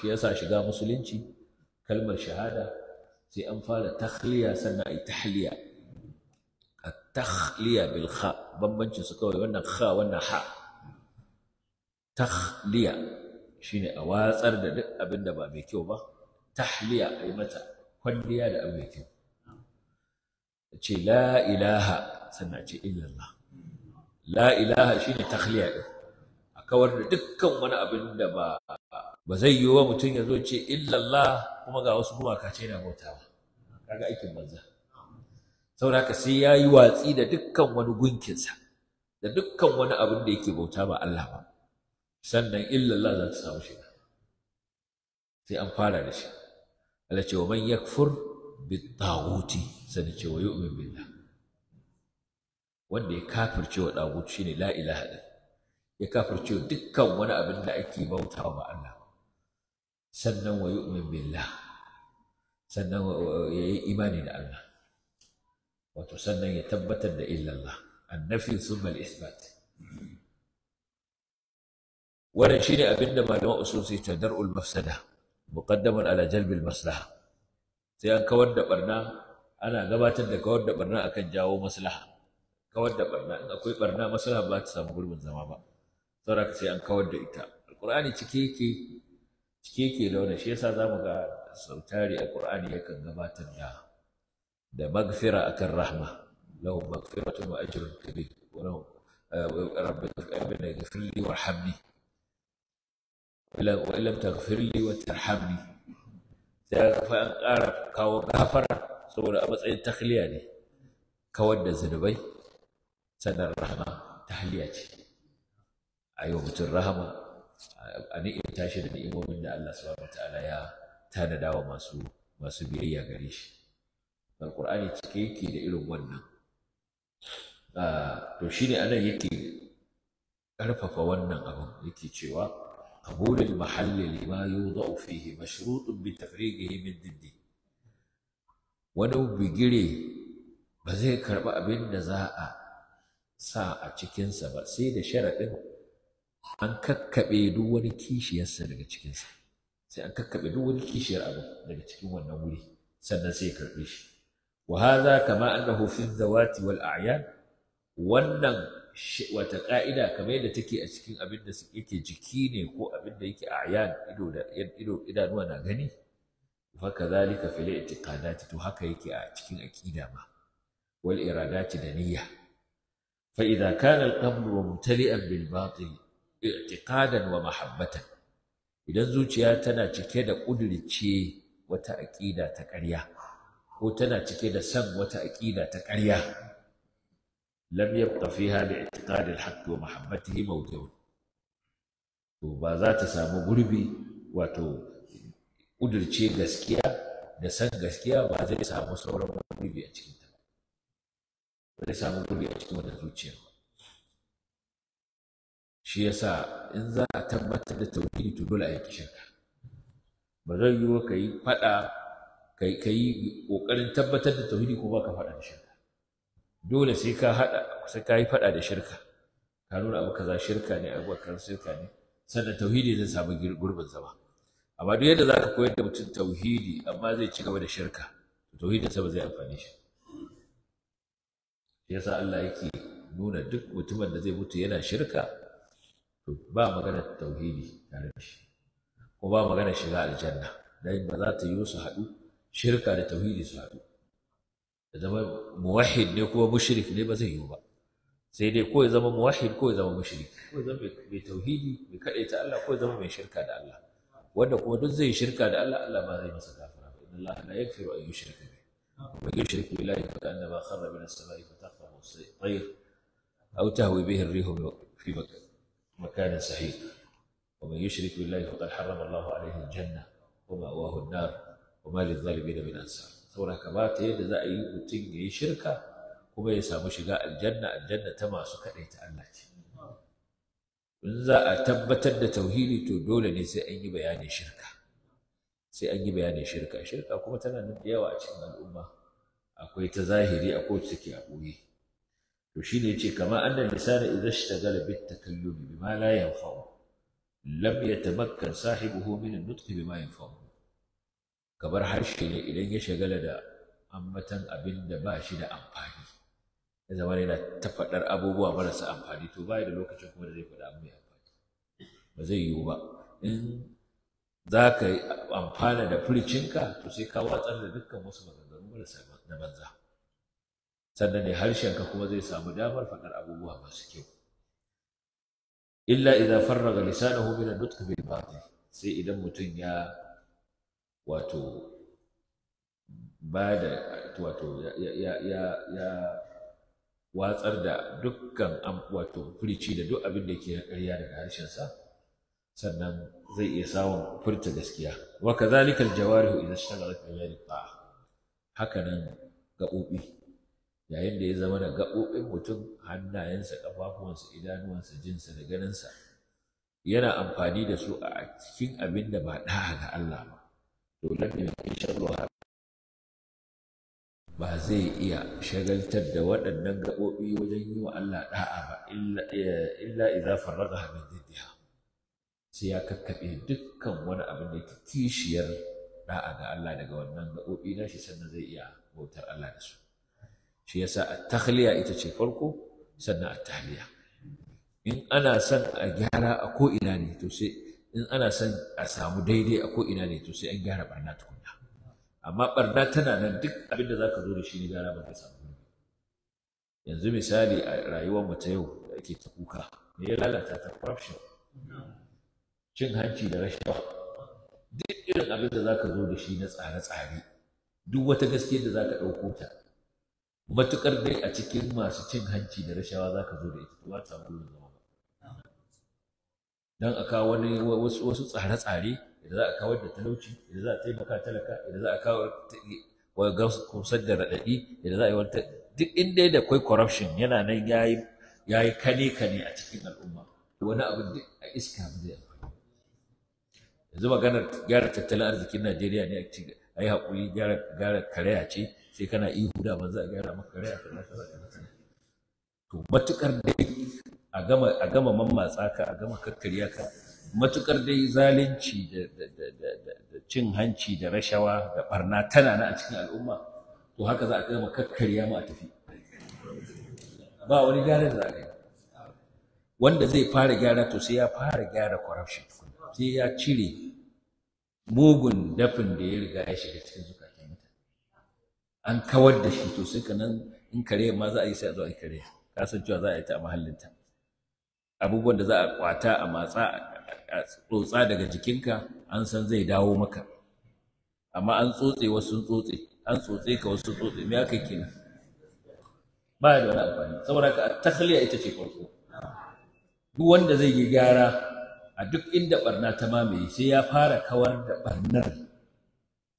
shi yasa shiga musulunci kalmar shahada sai an fara tahliya sannan ai tahliya at tahliya bil kha su kawai wannan kha wannan ha shi shine a watsar da duk abin ba mai kyau ba tahliya ai mata kwalliya da abu mai kyau ce la ilaha sannan ce illallah la ilaha shine takhliya ɗin a kawar da dukkan wani abin da ba ba zai yi wa mutum ya zo ce illallah kuma ga wasu gumaka ce na bauta bautawa kaga aikin banza saboda haka sai ya yi watsi da dukkan wani gunkinsa da dukkan wani abin da yake bauta ba Allah ba sannan illallah za ta samu shiga sai an fara da shi Allah ce wa man yakfur bittaguti sani cewa yu'min billah wanda ya kafirce wa dagut shine la ilaha din ya kafirce dukkan wani abin da ake bautawa ba Allah sannan wa yu'min billah sannan ya yi imani da Allah wato sannan ya tabbatar da illallah annafi thumma al-isbat wannan shine abinda malaman usul sai tadar'ul mafsada muqaddaman ala jalbil maslaha sai an kawar da barna ana gabatar da kawar da barna akan jawo maslaha kawar da barna in akwai barna maslaha ba ta samu gurbin zama ba saboda sai an kawar da ita alqur'ani cike yake cike yake da wannan shi yasa zamu ga sautari alqur'ani yakan gabatar da da magfira akan rahma lahum magfiratun wa ajrun kabir wa lahum Wani اغفر لي وارحمني وإن لم تغفر wani وترحمني sai an ƙara kawo gafara saboda a matsayin takhliya ne kawar da zunubai sannan rahama tahliya ce a yi mutum rahama a ni'in tashi da ni'imomin da Allah subhanahu ta'ala ya tanada wa masu masu biyayya gare shi alqur'ani cike yake da irin wannan ah, to shine anan yake ƙarfafa wannan abin yake cewa قبول المحل لما يوضع فيه مشروط بتفريقه من ضده wani bigire ba zai karɓi abin da za a sa a cikinsa ba sai da sharaɗin an kakkaɓe duk wani kishiyarsa daga cikinsa sai an kakkaɓe duk wani kishiyar abu daga cikin wannan wuri sannan sai ya karɓe shi Waha haza kama annahu zawati a'yan wannan wata ƙa'ida kamar yadda take a cikin abin da yake jiki ne ko abin da yake ayan ido da ido idanuwa na gani fa kadhalika fil i'tiqadati to haka yake a cikin aqida ma wal iradati da niyya fa idza kana al qalbu mumtali'an bil batil i'tiqadan wa mahabbatan idan zuciya tana cike da kudirce wata aqida ta ƙarya ko tana cike da san wata aqida ta ƙarya lam yabqa fiha bi i'tiqad al-haqq wa mahabbatihi mawdi'un to ba za ta samu gurbi wato kudirce gaskiya da san gaskiya ba zai samu sauran gurbi a cikin ta ba zai samu gurbi a cikin wannan zuciya shi yasa in za a tabbatar da tauhidi to dole a yi shirka ba zai yiwu ka yi fada kai kai kokarin tabbatar da tauhidi ko baka fada da shirka dole sai ka haɗa sai ka yi faɗa da shirka ka nuna abu kaza shirka ne abu kaza shirka ne sannan tauhidi zai samu gurbin zama amma duk yadda za ka koyar da mutum tauhidi amma zai ci gaba da shirka tauhidin sa ba zai amfani shi yasa Allah yake nuna duk mutumin da zai mutu yana shirka to ba magana tauhidi tare da shi ko ba magana shiga aljanna dan ba za ta yi su haɗu shirka da tauhidi su haɗu ya zama muwahid ne kuma mushrik ne ba zai yiwu ba sai dai ko ya zama muwahid ko ya zama mushrik ko ya zama mai tauhidi mai kadaita Allah ko ya zama mai shirka da Allah wanda kuma duk zai shirka da Allah Allah ba zai masa kafara ba inna Allah la yaghfiru an yushrika bihi wa yushriku billahi fa kana ma kharra min as-sama'i fa takhfahu at-tayr aw tahwi bihi ar-rihu fi مكان سعيد ومن يشرك بالله فقد حرم الله عليه الجنة ومأواه النار وما للظالمين من أنصار saboda kamata yadda za a yi mutum ya yi shirka kuma ya samu shiga aljanna aljanna ta masu kaɗai ta Allah ce in za a tabbatar da tauhidi to dole ne sai an yi bayanin shirka sai an yi bayanin shirka shirka kuma tana nan da yawa a cikin al'umma akwai ta zahiri a wacce take a ɓoye to shi ne ce kamar annan lisana idza ishtagala ta bi ma la yanfa'u lam yatamakkan sahibuhu min an-nutq bima yanfa'u kamar harshe ne idan ya shagala da ambatan abin da ba shi da amfani ya zama yana ta faɗar abubuwa marasa amfani to ba da lokacin kuma da zai faɗa mai amfani ba zai yiwu ba in za ka amfana da furicinka to sai ka watsar da dukkan wasu maganganu marasa na banza sannan ne harshenka kuma zai samu damar faɗar abubuwa masu kyau illa idan farraga lisanahu min an-nutq bil sai idan mutum ya wato ba da wato ya watsar da dukkan wato furici da duk abin da ke ƙarya daga harshen sa, sannan zai iya samun furta gaskiya wa kadhalika aljawarihu idza ishtaghalat bi ghairi ta'a haka nan gaɓoɓi yayin da ya zama da gaɓoɓin mutum hannayensa ƙafafuwansa idanuwansa jinsa da ganinsa yana amfani da su a cikin abin da ba ɗaya ga Allah ba to nan ba zai iya shagaltar da waɗannan gaɓoɓi wajen yi wa Allah ɗa'a ba illa idza farraga min diddiha sai ya kakkaɓe dukkan wani abin da ke kishiyar ɗa'a ga Allah daga wannan gaɓoɓi na shi sannan zai iya bautar Allah da su shi yasa a takhliya ita ce farko sannan a tahliya in ana son a gyara a ko ina ne to sai in ana son a samu daidai a ko'ina ne to sai an gyara barna tukunna amma barna tana nan duk abin da za ka zo da shi ne gyara ba ka samu yanzu misali a rayuwar mu ta yau da ake ta kuka me ya lalata ta corruption cin hanci da rashawa duk irin abin da za ka zo da shi na tsare-tsare duk wata gaske da za ka ɗauko ta matuƙar dai a cikin masu cin hanci da rashawa za ka zo da ita ba ta gurin don a kawo wani wasu tsare-tsare idan za a kawar da talauci idan za a taimaka talaka idan za a kawo wa gamsar da raɗaɗi idan za a yi wata duk inda da akwai corruption yana nan ya yi kane-kane a cikin al'umma wani abin duk a iska zai amfani yanzu maganar gyara tattalin arzikin najeriya ne a yi haƙuri gyara karaya ce sai kana ihu da za a gyara maka karaya kaza kaza to matukar dai a gama mammatsa ka a gama kakkarya ka matukar dai zalunci da cin hanci da rashawa da barna tana na a cikin al'umma to haka za a gama kakkarya ma a tafi ba wani gyaran da za wanda zai fara gyara to sai ya fara gyara corruption sai ya cire mugun dafin da ya riga ya shiga cikin zukatan mutane an kawar da shi to sai ka nan in kare ma za a yi sai a zo a yi kare kasancewa za a yi ta a mahallinta abubuwan da za a kwata a matsa a tsotsa daga jikinka an san zai dawo maka amma an tsotse wasu tsotse an tsotse ka wasu tsotse me aka kenan ba da wani amfani saboda ka takhliya ita ce farko duk wanda zai yi gyara a duk inda barna ta mamaye sai ya fara kawar da barnar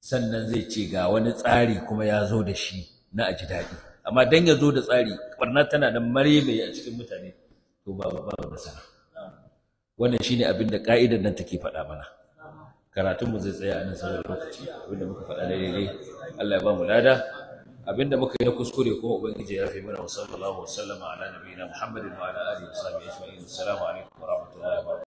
sannan zai ce ga wani tsari kuma ya zo da shi na aji daɗi amma dan ya zo da tsari barna tana da mare a cikin mutane to babu babu nasara wannan shine abin da ka'idar nan take faɗa mana karatun mu zai tsaya a nan saboda lokaci abin da muka faɗa dai Allah ya ba mu lada abin da muka yi na kuskure kuma ubangiji ya rafe mana wa sallallahu wa sallama ala nabiyina muhammadin wa ala alihi wa sahbihi ajma'in assalamu alaikum wa rahmatullahi wa barakatuh